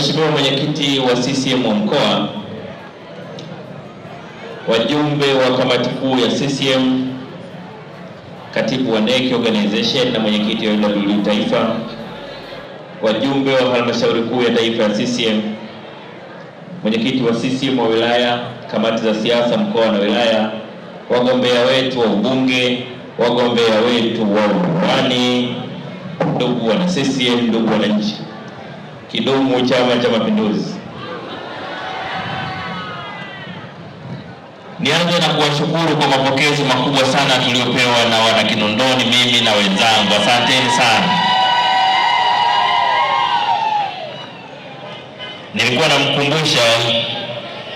Mheshimiwa mwenyekiti wa CCM wa mkoa, wajumbe wa kamati kuu ya CCM, katibu wa NEC organization na mwenyekiti wa UWU taifa, wajumbe wa halmashauri kuu ya taifa ya CCM, mwenyekiti wa CCM wa wilaya, kamati za siasa mkoa na wilaya, wagombea wetu wa ubunge, wagombea wetu wa udiwani, ndugu wana CCM, ndugu wananchi kidumu Chama cha Mapinduzi. Nianze na kuwashukuru kwa mapokezi makubwa sana tuliopewa na wanakinondoni, mimi na wenzangu, asanteni sana. Nilikuwa namkumbusha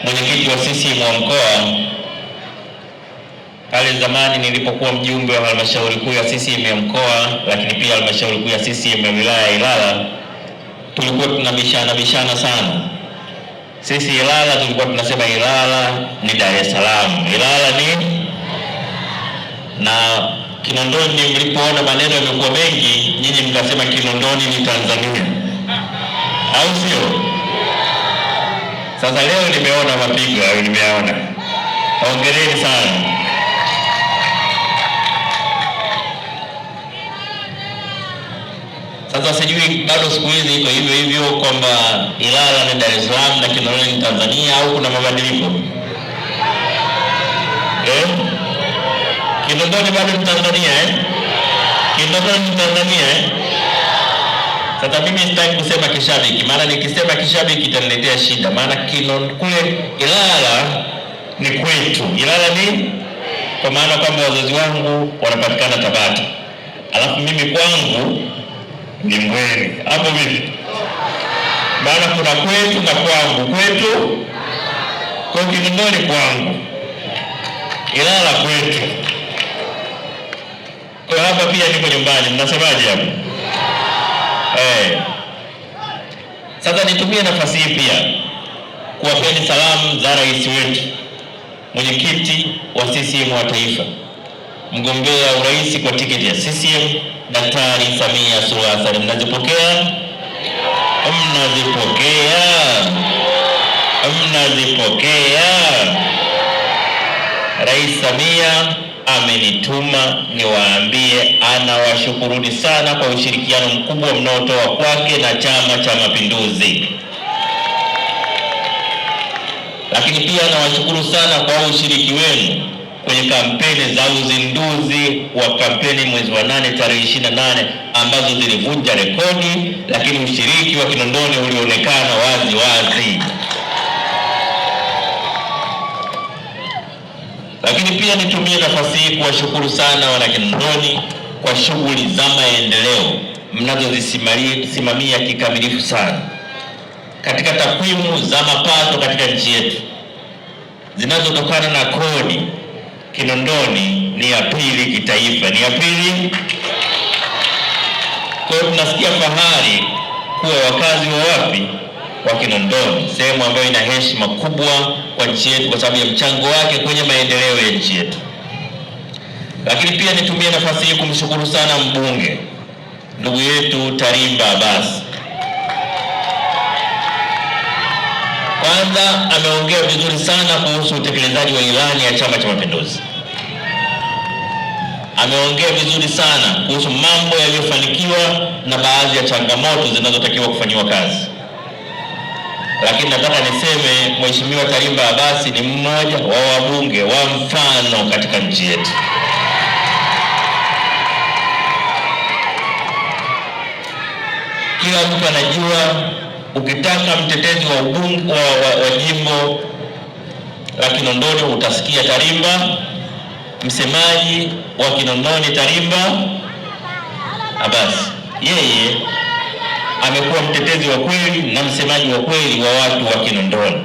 mwenyekiti wa CCM wa mkoa pale zamani nilipokuwa mjumbe wa halmashauri kuu ya CCM ya mkoa, lakini pia halmashauri kuu ya CCM ya wilaya ya Ilala tulikuwa tunabishana bishana sana. Sisi Ilala tulikuwa tunasema Ilala ni Dar es Salaam, Ilala ni na Kinondoni. Mlipoona maneno yamekuwa mengi, nyinyi mkasema Kinondoni ni Tanzania, au sio? Sasa leo nimeona mapigo hayo, nimeona. Hongereni sana. Sasa sijui bado siku hizi iko hivyo hivyo kwamba Ilala ni Dar es Salaam na Kinondoni ni Tanzania au kuna mabadiliko eh? Kinondoni bado ni Tanzania eh? Kinondoni ni Tanzania eh? Sasa mimi sitaki kusema kishabiki, maana nikisema kishabiki itaniletea shida, maana Kinondoni kule Ilala ni kwetu. Ilala ni kwa maana kwamba wazazi wangu wanapatikana Tabata, alafu mimi kwangu ni Mbweni hapo vipi? Maana kuna kwetu na kwangu, kwetu kwa Kinondoni kwangu, Ilala kwetu, kwa hapa pia niko nyumbani. Mnasemaje hapo? Eh, Sasa nitumie nafasi hii pia kuwapeni salamu za rais wetu mwenyekiti wa CCM wa taifa, mgombea urais kwa tiketi ya CCM Daktari Samia Suluhu Hassan, mnazipokea? Mnazipokea? Mnazipokea? Rais Samia amenituma niwaambie, anawashukuruni sana kwa ushirikiano mkubwa mnaotoa kwake na Chama cha Mapinduzi, lakini pia anawashukuru sana kwa ushiriki wenu kwenye kampeni za uzinduzi wa kampeni mwezi wa nane tarehe ishirini na nane ambazo zilivunja rekodi, lakini ushiriki wa Kinondoni ulionekana wazi wazi. Lakini pia nitumie nafasi hii kuwashukuru sana wanakinondoni kwa shughuli za maendeleo mnazozisimamia kikamilifu sana katika takwimu za mapato katika nchi yetu zinazotokana na kodi Kinondoni ni ya pili kitaifa, ni ya pili. Kwa hiyo tunasikia fahari kuwa wakazi wa wapi wa Kinondoni, sehemu ambayo ina heshima kubwa kwa nchi yetu kwa sababu ya mchango wake kwenye maendeleo ya nchi yetu. Lakini pia nitumie nafasi hii kumshukuru sana mbunge ndugu yetu Tarimba Abasi Kwanza ameongea vizuri sana kuhusu utekelezaji wa ilani ya Chama cha Mapinduzi. Ameongea vizuri sana kuhusu mambo yaliyofanikiwa na baadhi ya changamoto zinazotakiwa kufanyiwa kazi. Lakini nataka niseme Mheshimiwa tarimba Abasi ni mmoja wa wabunge wa mfano katika nchi yetu. Kila mtu anajua ukitaka mtetezi wa ubunge wa, wa, wa jimbo la Kinondoni utasikia Tarimba, msemaji wa Kinondoni Tarimba Abasi, yeye amekuwa mtetezi wa kweli na msemaji wa kweli wa watu wa Kinondoni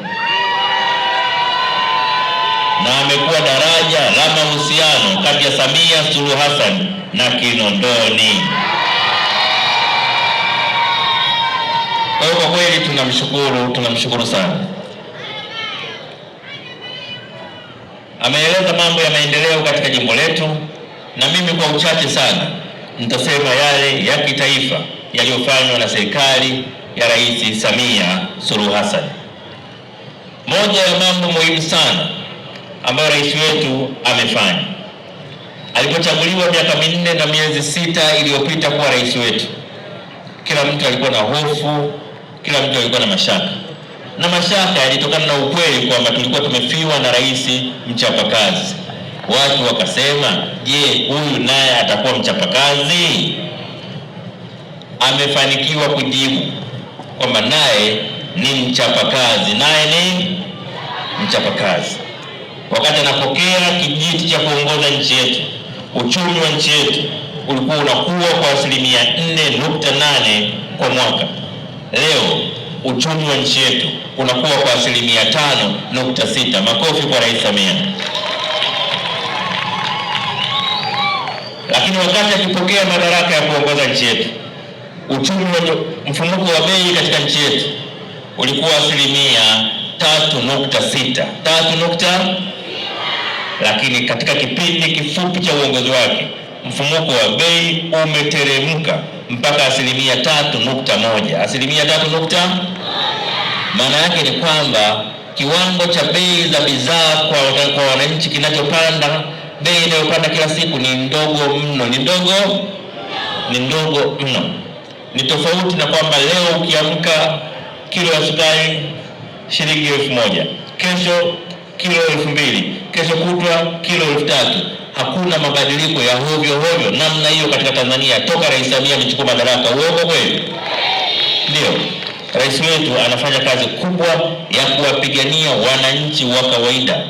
na amekuwa daraja la mahusiano kati ya Samia Suluhu Hassan na Kinondoni. kwa kweli tunamshukuru, tunamshukuru sana. Ameeleza mambo ya maendeleo katika jimbo letu, na mimi kwa uchache sana nitasema yale ya kitaifa yaliyofanywa na serikali ya Rais Samia Suluhu Hassan. Moja ya mambo muhimu sana ambayo rais wetu amefanya alipochaguliwa miaka minne na miezi sita iliyopita kuwa rais wetu, kila mtu alikuwa na hofu kila mtu alikuwa na mashaka, na mashaka yalitokana na ukweli kwamba tulikuwa tumefiwa na rais mchapakazi. Watu wakasema, je, huyu naye atakuwa mchapakazi? Amefanikiwa kujibu kwamba naye ni mchapakazi, naye ni mchapakazi. Wakati anapokea kijiti cha kuongoza nchi yetu, uchumi wa nchi yetu ulikuwa unakuwa kwa asilimia 4.8 kwa mwaka. Leo uchumi wa nchi yetu unakuwa kwa asilimia tano nukta sita. Makofi kwa Rais Samia. Lakini wakati akipokea madaraka ya kuongoza nchi yetu, uchumi wa mfumuko wa bei katika nchi yetu ulikuwa asilimia tatu nukta sita tatu nukta, lakini katika kipindi kifupi cha uongozi wake mfumuko wa bei umeteremka mpaka asilimia tatu nukta moja asilimia tatu nukta maana yake ni kwamba kiwango cha bei za bidhaa kwa, kwa wananchi kinachopanda, bei inayopanda kila siku ni ndogo mno, ni ndogo, ni ndogo mno. Ni tofauti na kwamba leo ukiamka kilo ya sukari shilingi elfu moja kesho kilo elfu mbili kesho kutwa kilo elfu tatu hakuna mabadiliko ya hovyo hovyo namna hiyo katika Tanzania toka Rais Samia amechukua madaraka. Uongo kweli? Ndio, rais wetu anafanya kazi kubwa ya kuwapigania wananchi wa kawaida.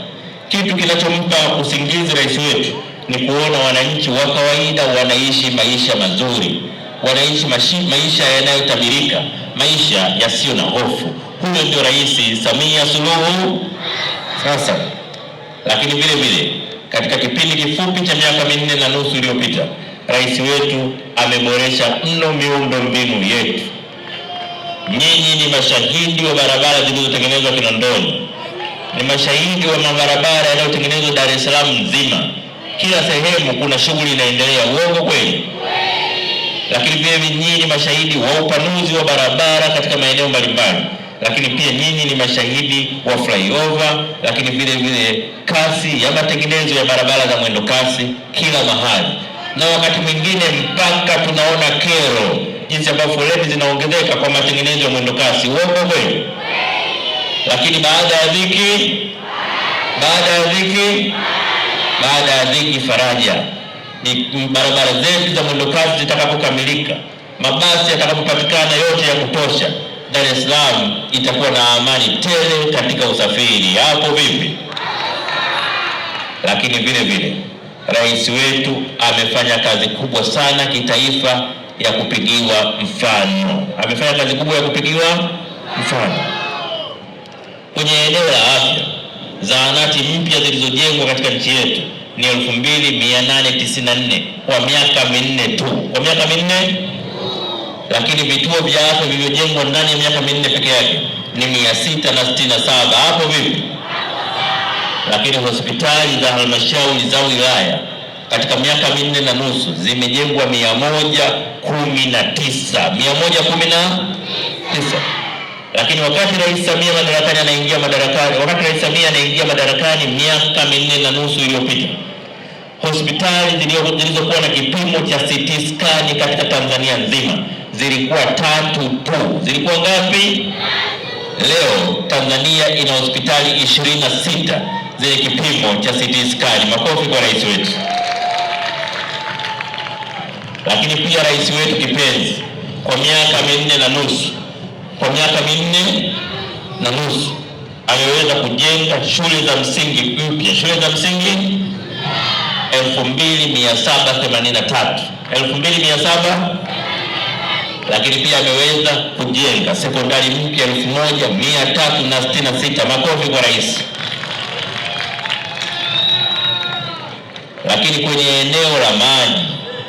Kitu kinachompa usingizi rais wetu ni kuona wananchi wa kawaida wanaishi maisha mazuri, wanaishi maisha yanayotabirika, maisha yasiyo na hofu. Huyo ndio Rais Samia Suluhu. Sasa lakini vile vile katika kipindi kifupi cha miaka minne na nusu iliyopita, rais wetu ameboresha mno miundo mbinu yetu. Nyinyi ni mashahidi wa barabara zilizotengenezwa Kinondoni, ni mashahidi wa mabarabara yanayotengenezwa Dar es Salaam nzima. Kila sehemu kuna shughuli inaendelea, uongo kweli? Lakini pia nyinyi ni mashahidi wa upanuzi wa barabara katika maeneo mbalimbali lakini pia nyinyi ni mashahidi wa flyover, lakini vile vile kasi ya matengenezo ya barabara za mwendo kasi kila mahali, na wakati mwingine mpaka tunaona kero jinsi ambavyo foleni zinaongezeka kwa matengenezo ya mwendo kasi. Uongo kweli? Lakini baada ya dhiki, baada ya dhiki, baada ya dhiki faraja. Ni barabara zetu za mwendo kasi zitakapokamilika, mabasi yatakapopatikana yote ya kutosha Dar es Salaam itakuwa na amani tele katika usafiri. Hapo vipi? Lakini vile vile rais wetu amefanya kazi kubwa sana kitaifa ya kupigiwa mfano, amefanya kazi kubwa ya kupigiwa mfano kwenye eneo la afya. Zahanati mpya zilizojengwa katika nchi yetu ni 2894 kwa miaka minne tu, kwa miaka minne lakini vituo vya afya vilivyojengwa ndani ya miaka minne peke yake ni mia sita na sitini na saba hapo vipi? Lakini hospitali za halmashauri za wilaya katika miaka minne na nusu zimejengwa mia moja kumi na tisa mia moja kumi na tisa lakini wakati Rais Samia madarakani anaingia madarakani, wakati Rais Samia anaingia madarakani miaka minne na nusu iliyopita hospitali zilizokuwa na kipimo cha CT scan katika Tanzania nzima zilikuwa tatu tu. Zilikuwa ngapi? Leo Tanzania ina hospitali 26 zenye kipimo cha CT scan. Makofi kwa rais wetu. Lakini pia rais wetu kipenzi, kwa miaka minne na nusu, kwa miaka minne na nusu ameweza kujenga shule za msingi mpya, shule za msingi 2783 2783 lakini pia ameweza kujenga sekondari mpya elfu moja mia tatu na sitini na sita. Makofi kwa rais. Lakini kwenye eneo la maji,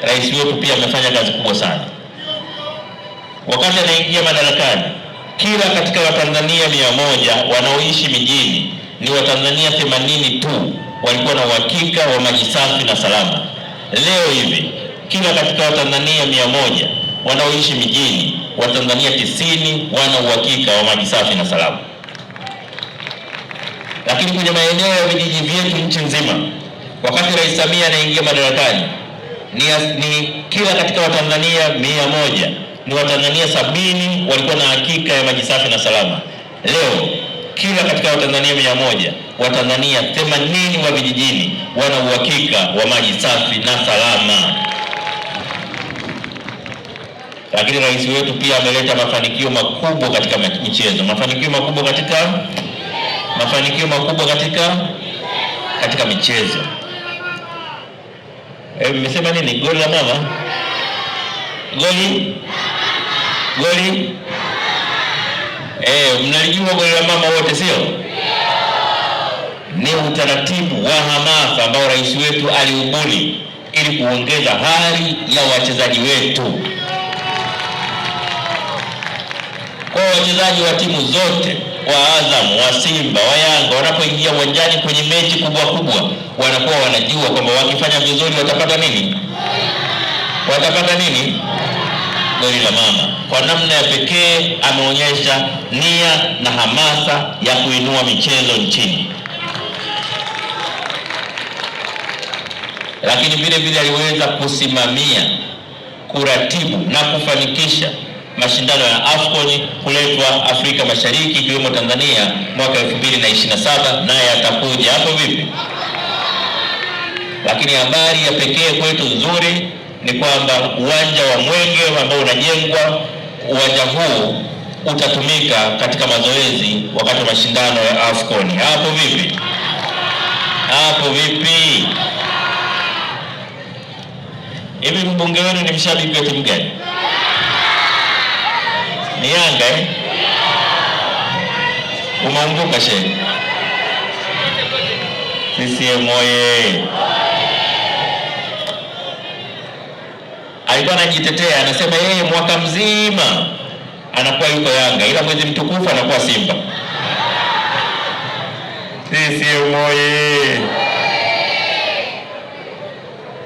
rais wetu pia amefanya kazi kubwa sana. Wakati anaingia madarakani, kila katika Watanzania mia moja wanaoishi mijini ni Watanzania themanini tu walikuwa na uhakika wa maji safi na salama. Leo hivi kila katika Watanzania mia moja wanaoishi mijini, Watanzania tisini wana uhakika wa maji safi na salama. Lakini kwenye maeneo ya vijiji vyetu nchi nzima, wakati Rais Samia anaingia madarakani ni, ni kila katika Watanzania mia moja ni Watanzania sabini walikuwa na hakika ya maji safi na salama. Leo kila katika Watanzania mia moja Watanzania themanini wa vijijini wana uhakika wa maji safi na salama. Lakini rais wetu pia ameleta mafanikio makubwa katika michezo, mafanikio makubwa katika mafanikio makubwa katika katika michezo. Eh, mmesema nini? Goli la mama, goli goli, eh, mnalijua goli la mama wote, sio? Ni utaratibu wa hamasa ambao rais wetu aliubuni ili kuongeza hari ya wachezaji wetu. wachezaji wa timu zote wa Azam, wa Simba, wa Yanga wanapoingia uwanjani kwenye mechi kubwa kubwa, wanakuwa wanajua kwamba wakifanya vizuri watapata nini? Watapata nini? Goli la mama. Kwa namna ya pekee ameonyesha nia na hamasa ya kuinua michezo nchini, lakini vile vile aliweza kusimamia, kuratibu na kufanikisha mashindano ya AFCON kuletwa Afrika Mashariki ikiwemo Tanzania mwaka 2027 naye atakuja hapo vipi? Lakini habari ya pekee kwetu nzuri ni kwamba uwanja wa Mwenge ambao unajengwa, uwanja huu utatumika katika mazoezi wakati wa mashindano ya AFCON. Hapo vipi? Hapo vipi? Hivi mbunge wenu ni mshabiki wa timu gani? Ni Yanga eh? she shehe. CCM oye! Eh. Alikuwa anajitetea anasema yeye mwaka mzima anakuwa yuko Yanga, ila mwezi mtukufu anakuwa Simba. CCM oye!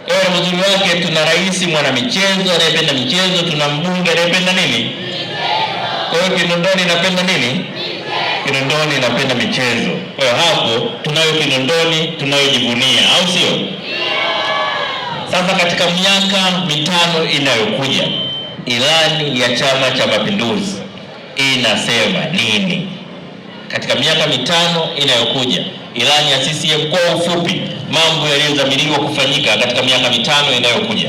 Ewe wake, tuna rais mwanamichezo anayependa michezo, tuna mbunge anayependa nini kwa hiyo Kinondoni inapenda nini? Kinondoni inapenda michezo. Kwa hiyo hapo tunayo Kinondoni tunayojivunia, au sio? Sasa katika miaka mitano inayokuja, ilani ya Chama cha Mapinduzi inasema nini? Katika miaka mitano inayokuja, ilani ya CCM kwa ufupi, mambo yaliyodhamiriwa kufanyika katika miaka mitano inayokuja,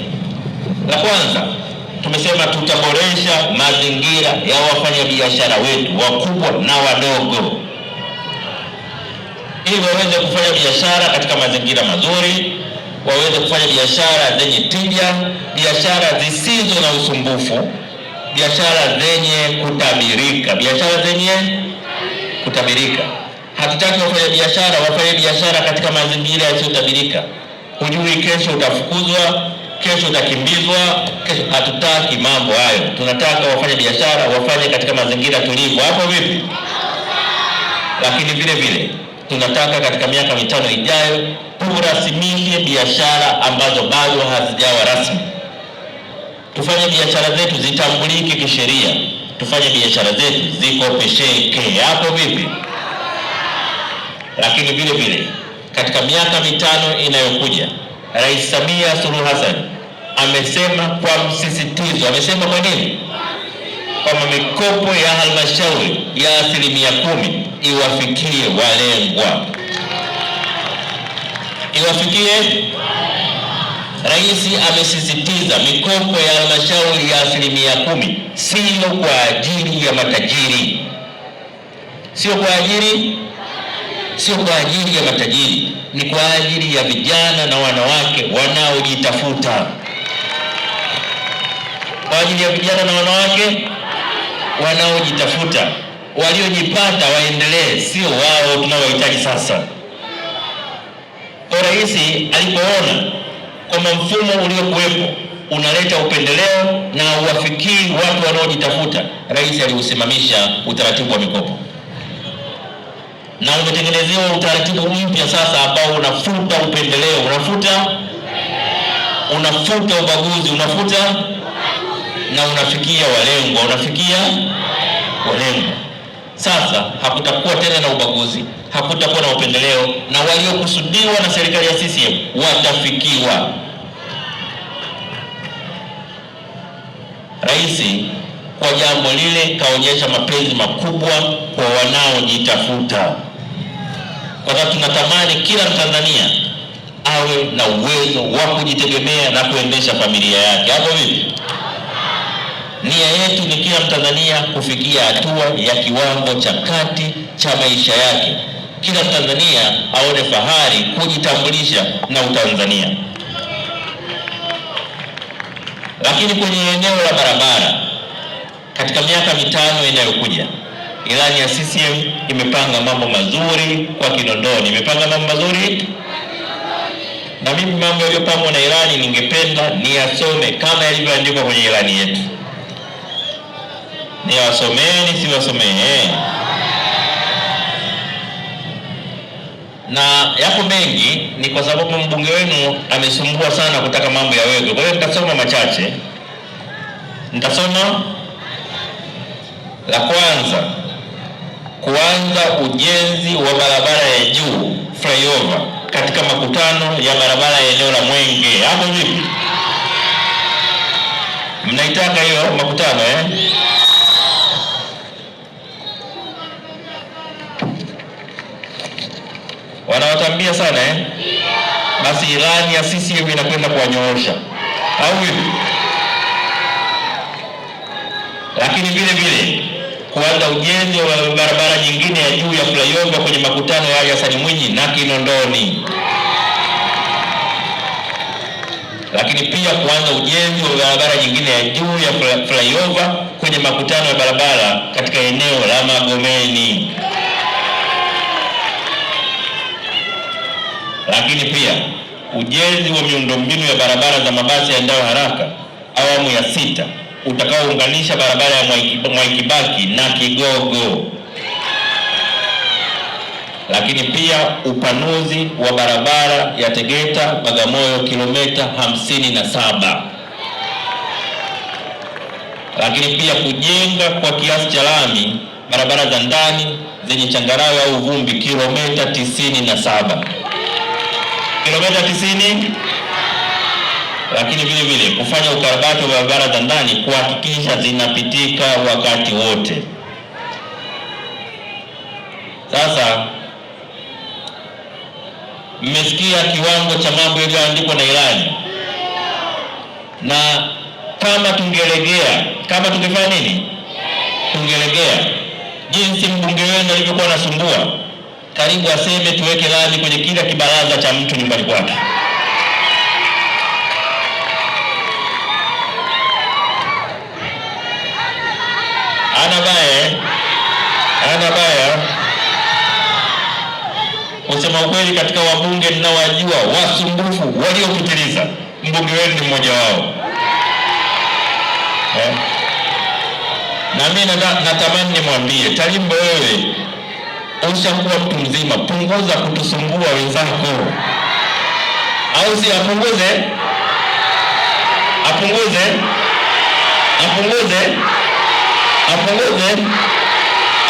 la kwanza tumesema tutaboresha mazingira ya wafanyabiashara wetu wakubwa na wadogo, ili waweze kufanya biashara katika mazingira mazuri, waweze kufanya biashara zenye tija, biashara zisizo na usumbufu, biashara zenye kutabirika, biashara zenye kutabirika. Hatutaki wafanya biashara wafanye biashara katika mazingira yasiyotabirika. Hujui kesho utafukuzwa kesho utakimbizwa. Kesho hatutaki mambo hayo, tunataka wafanye biashara wafanye katika mazingira tulivu. Hapo vipi? Lakini vile vile tunataka katika miaka mitano ijayo turasimishe biashara ambazo bado hazijawa rasmi, tufanye biashara zetu zitambulike kisheria, tufanye biashara zetu zikopesheke. Hapo vipi? Lakini vile vile katika miaka mitano inayokuja Rais Samia Suluhu Hassan amesema kwa msisitizo, amesema kwa nini? Kwamba mikopo ya halmashauri ya asilimia kumi iwafikie walengwa, iwafikie Rais amesisitiza mikopo ya halmashauri ya asilimia kumi sio kwa ajili ya matajiri, sio kwa ajili, sio kwa ajili ya matajiri ni kwa ajili ya vijana na wanawake wanaojitafuta, kwa ajili ya vijana na wanawake wanaojitafuta, waliojipata waendelee, sio wao tunawahitaji sasa. Kwa rais alipoona kwamba mfumo uliokuwepo unaleta upendeleo na uwafikii watu wanaojitafuta, rais aliusimamisha utaratibu wa mikopo na umetengenezewa utaratibu mpya sasa ambao unafuta upendeleo, unafuta unafuta ubaguzi, unafuta na unafikia walengwa, unafikia walengwa. Sasa hakutakuwa tena na ubaguzi, hakutakuwa na upendeleo, na waliokusudiwa na serikali ya CCM watafikiwa. Rais kwa jambo lile kaonyesha mapenzi makubwa kwa wanaojitafuta wakati tunatamani kila Mtanzania awe na uwezo wa kujitegemea na kuendesha familia yake, hapo vipi? Nia yetu ni kila Mtanzania kufikia hatua ya kiwango cha kati cha maisha yake, kila Mtanzania aone fahari kujitambulisha na Utanzania. Lakini kwenye eneo la barabara, katika miaka mitano inayokuja Ilani ya CCM imepanga mambo mazuri kwa Kinondoni, imepanga mambo mazuri na mimi mambo yaliyopangwa na ilani ningependa niyasome kama yalivyoandikwa kwenye ilani yetu. Niwasomee nisiwasomee? Na yako mengi, ni kwa sababu mbunge wenu amesumbua sana kutaka mambo yawekwe. Kwa hiyo nitasoma machache, nitasoma la kwanza kuanza ujenzi wa barabara ya juu flyover katika makutano ya barabara ya eneo la Mwenge. Hapo vipi? Mnaitaka hiyo makutano eh? Wanawatambia sana eh? Basi ilani ya CCM inakwenda kuwanyoosha au vipi? Lakini vile vile kuanza ujenzi wa barabara nyingine ya juu ya flyover kwenye makutano ya Hassan Mwinyi na Kinondoni, lakini pia kuanza ujenzi wa barabara nyingine ya juu ya flyover kwenye makutano ya barabara katika eneo la Magomeni. Lakini pia ujenzi wa miundombinu ya barabara za mabasi yaendayo haraka awamu ya sita utakaounganisha barabara ya Mwaikibaki na Kigogo, lakini pia upanuzi wa barabara ya Tegeta Bagamoyo kilomita 57, lakini pia kujenga kwa kiasi cha lami barabara za ndani zenye changarawe au vumbi kilomita 97, kilomita tisini lakini vile vile kufanya ukarabati wa barabara za ndani kuhakikisha zinapitika wakati wote. Sasa mmesikia kiwango cha mambo yaliyoandikwa na ilani, na kama tungelegea, kama tungefanya nini? Tungelegea jinsi mbunge wenu alivyokuwa anasumbua, karibu aseme tuweke lami kwenye kila kibaraza cha mtu nyumbani kwake. Anabaya anabaya. Kusema ukweli, katika wabunge ninawajua wasumbufu waliopitiliza, mbunge wenu ni mmoja wao eh? na mimi natamani nimwambie Talimbo, wewe ushakuwa mtu mzima, punguza kutusumbua wenzako, au si apunguze, apunguze, apunguze apunguze,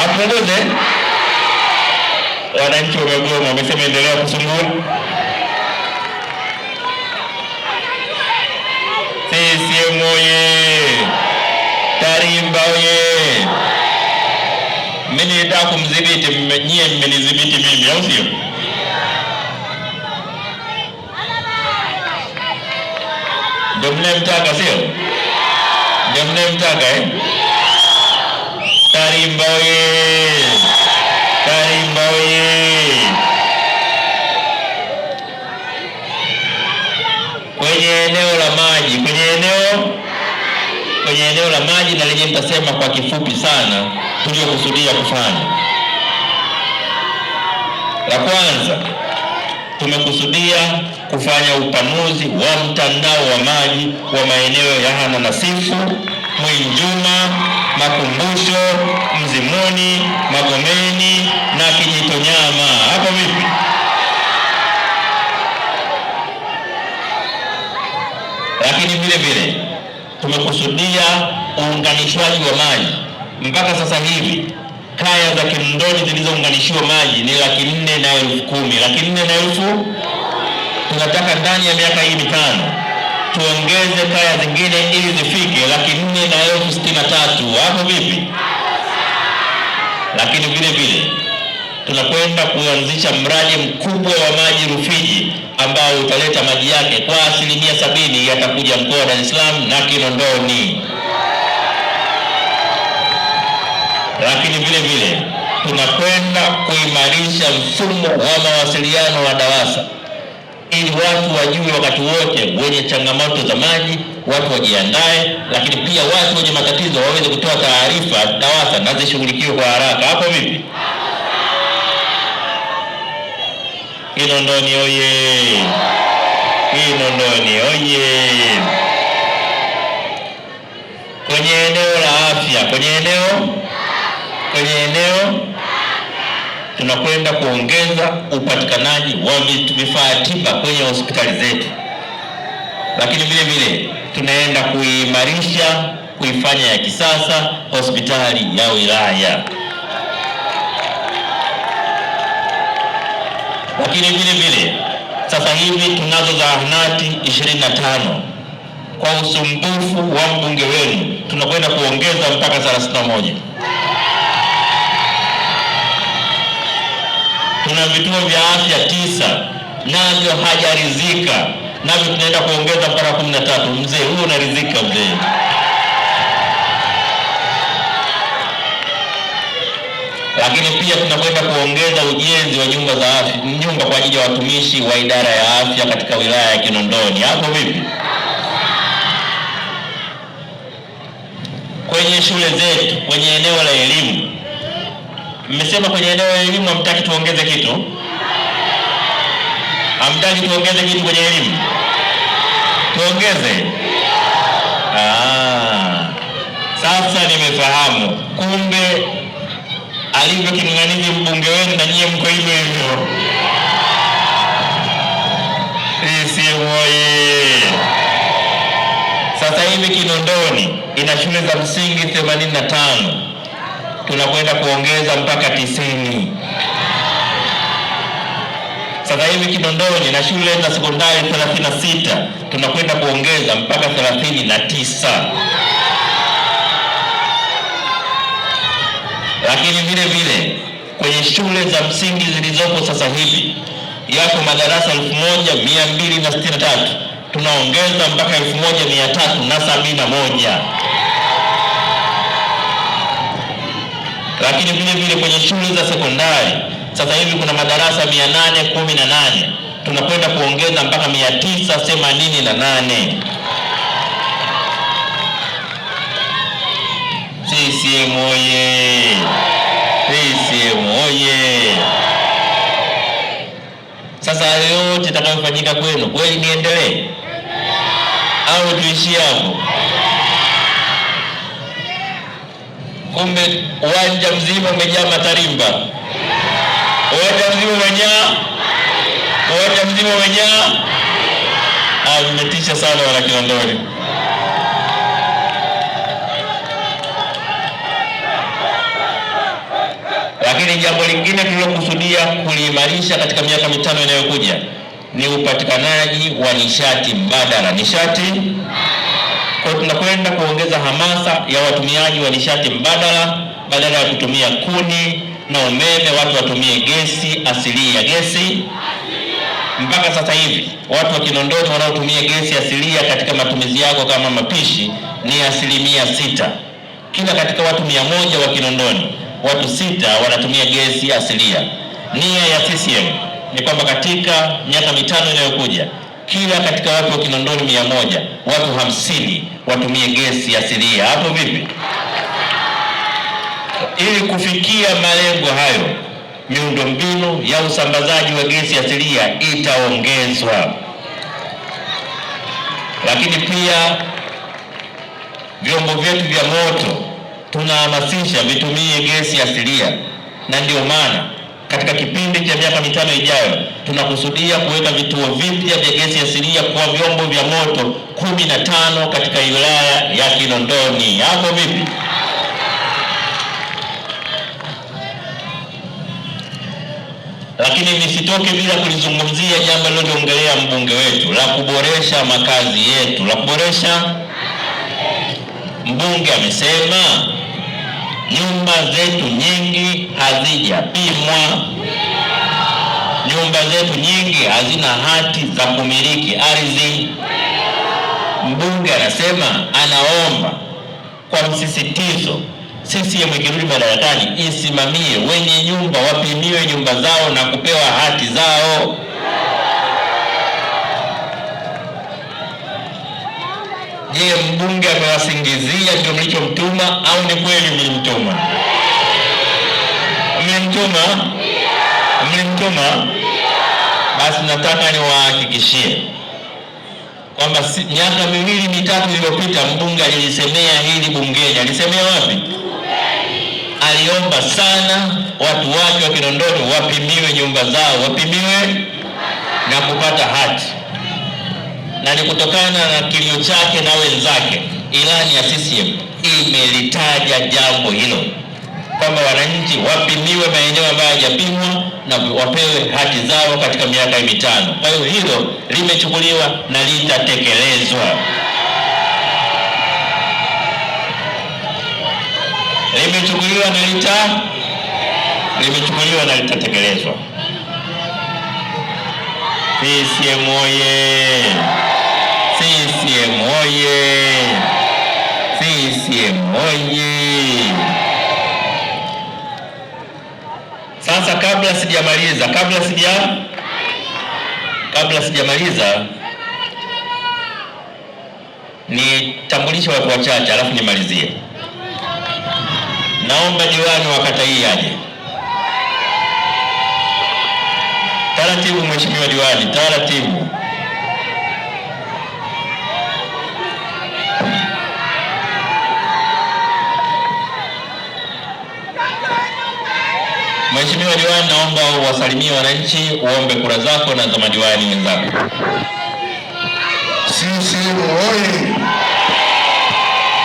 apunguze. Wananchi wamegoma, wamesema endelea kusumbua. CCM oye! Tarimba oye! Mimi nilitaka kumdhibiti nyie, mmenidhibiti mimi, au sio? Ndio mnayemtaka sio? Ndio mnayemtaka eh? Karimba oye! Karimba oye! Kwenye eneo la maji, kwenye eneo kwenye eneo la maji, na lenye nitasema kwa kifupi sana tuliyokusudia kufanya. La kwanza tumekusudia kufanya upanuzi wa mtandao wa maji wa maeneo ya Hananasifu, Mwinjuma, Makumbusho, Mzimuni, Magomeni na Kijitonyama. Hapo vipi? Lakini vile vile tumekusudia uunganishwaji wa maji. Mpaka sasa hivi kaya za Kinondoni zilizounganishiwa maji ni laki nne na elfu kumi laki nne na elfu tunataka ndani ya miaka hii mitano tuongeze kaya zingine ili zifike laki nne na elfu sitini na tatu hapo vipi? Lakini vile vile tunakwenda kuanzisha mradi mkubwa wa maji Rufiji ambao utaleta maji yake kwa asilimia sabini yatakuja mkoa wa Dar es Salaam na Kinondoni. Lakini vile vile tunakwenda kuimarisha mfumo wa mawasiliano wa DAWASA ili watu wajue wakati wote wenye changamoto za maji, watu wajiandae, lakini pia watu wenye matatizo waweze kutoa taarifa DAWASA na zishughulikiwe kwa haraka. Hapo vipi? Kinondoni oye! Kinondoni oye! Kwenye eneo la afya, kwenye eneo kwenye eneo tunakwenda kuongeza upatikanaji wa vifaa tiba kwenye hospitali zetu, lakini vile vile tunaenda kuimarisha, kuifanya ya kisasa hospitali ya wilaya. Lakini vile vile sasa hivi tunazo zahanati 25 kwa usumbufu wa mbunge wenu tunakwenda kuongeza mpaka 31. tuna vituo vya afya tisa navyo hajarizika, navyo tunaenda kuongeza mpaka kumi na tatu. Mzee huo unarizika mzee. Lakini pia tunakwenda kuongeza ujenzi wa nyumba za afya, nyumba kwa ajili ya watumishi wa idara ya afya katika wilaya ya Kinondoni. Hapo vipi? Kwenye shule zetu, kwenye eneo la elimu Mmesema kwenye eneo la elimu hamtaki tuongeze kitu, hamtaki tuongeze kitu kwenye elimu, tuongeze. Ah, sasa nimefahamu, kumbe alivyoking'ang'ania mbunge wenu na nyie mko hivyo hivyo. Sasa hivi Kinondoni ina shule za msingi 85 tunakwenda kuongeza mpaka tisini. Sasa hivi Kinondoni na shule za sekondari 36 tunakwenda kuongeza mpaka 39, lakini vile vile kwenye shule za msingi zilizopo sasa hivi yako madarasa 1263 tunaongeza mpaka 1371. lakini vile vile kwenye shule za sekondari sasa hivi kuna madarasa mia nane kumi na nane tunakwenda kuongeza mpaka mia tisa themanini na nane. CCM oye! CCM oye! Sasa yote itakayofanyika kwenu kweli niendelee au tuishie hapo? kumbe uwanja mzima umejaa matarimba, uwanja mzima umejaa, uwanja mzima umejaa. Imetisha ah, sana wana Kinondoni. Lakini jambo lingine tulilokusudia kuliimarisha katika miaka mitano inayokuja ni upatikanaji wa nishati mbadala, nishati kwa hiyo tunakwenda kuongeza hamasa ya watumiaji wa nishati mbadala, badala ya kutumia kuni na umeme, watu watumie gesi asilia. Gesi mpaka sasa hivi watu wa Kinondoni wanaotumia gesi asilia katika matumizi yako kama mapishi ni asilimia sita. Kila katika watu mia moja wa Kinondoni watu sita wanatumia gesi asilia. Nia ya CCM ni kwamba katika miaka mitano inayokuja kila katika watu wa Kinondoni mia moja watu hamsini watumie gesi asilia. Hapo vipi? Ili kufikia malengo hayo, miundombinu ya usambazaji wa gesi asilia itaongezwa, lakini pia vyombo vyetu vya moto tunahamasisha vitumie gesi asilia, na ndio maana katika kipindi cha miaka mitano ijayo, tunakusudia kuweka vituo vipya vya gesi asilia kwa vyombo vya moto kumi na tano katika wilaya ya Kinondoni. Hapo vipi? Lakini nisitoke bila kulizungumzia jambo lililoniongelea mbunge wetu la kuboresha makazi yetu, la kuboresha. Mbunge amesema nyumba zetu nyingi hazijapimwa, nyumba zetu nyingi hazina hati za kumiliki ardhi. Mbunge anasema anaomba kwa msisitizo CCM ikirudi madarakani isimamie wenye nyumba wapimiwe nyumba zao na kupewa hati zao. je, mbunge amewasingizia ndio mlichomtuma au ni kweli mlimtuma? Mlimtuma? Mlimtuma? Basi nataka niwahakikishie kwamba miaka miwili mitatu iliyopita mbunge alilisemea hili bungeni. Alisemea wapi? Aliomba sana watu wake wa Kinondoni wapimiwe nyumba zao, wapimiwe na kupata hati na ni kutokana na kilio chake na wenzake, ilani ya CCM imelitaja jambo hilo kwamba wananchi wapimiwe maeneo ambayo hajapimwa na wapewe haki zao katika miaka mitano. Kwa hiyo hilo limechukuliwa na litatekelezwa, limechukuliwa na lita limechukuliwa na litatekelezwa. CCM oye! CCM oye! CCM oye! Sasa kabla sijamaliza, kabla sija kabla sijamaliza nitambulishe watu wachache alafu nimalizie. Naomba diwani wa kata hii aje taratibu. Mheshimiwa diwani, taratibu. Mheshimiwa Diwani, naomba uwasalimie wananchi, uombe kura zako na za madiwani wenzako. Sisi oye!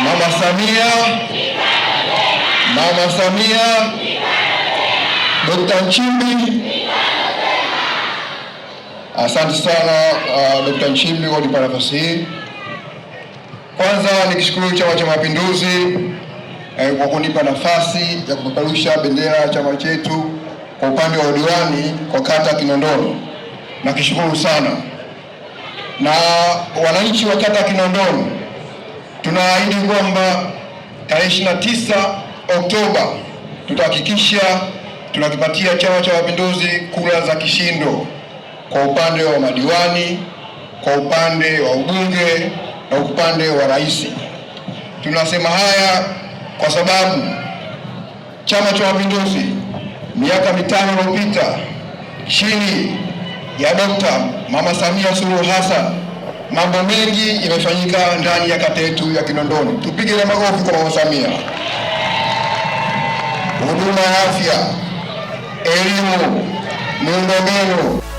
Mama Samia, Mama Samia, Dr. Nchimbi, asante sana uh, Dr. Nchimbi kwa kunipa nafasi hii. Kwanza nikishukuru Chama cha Mapinduzi eh, kwa kunipa nafasi ya kupeperusha bendera ya chama chetu kwa upande wa udiwani kwa kata Kinondoni. Nakishukuru sana. Na wananchi wa kata Kinondoni, tunaahidi kwamba tarehe 29 Oktoba tutahakikisha tunakipatia Chama cha Mapinduzi kura za kishindo kwa upande wa madiwani, kwa upande wa ubunge na upande wa rais. Tunasema haya kwa sababu Chama cha Mapinduzi miaka mitano iliyopita chini ya Dokta Mama Samia Suluhu Hassan mambo mengi yamefanyika ndani ya kata yetu ya Kinondoni. Tupige na makofi kwa Mama Samia. Huduma ya afya, elimu, miundombinu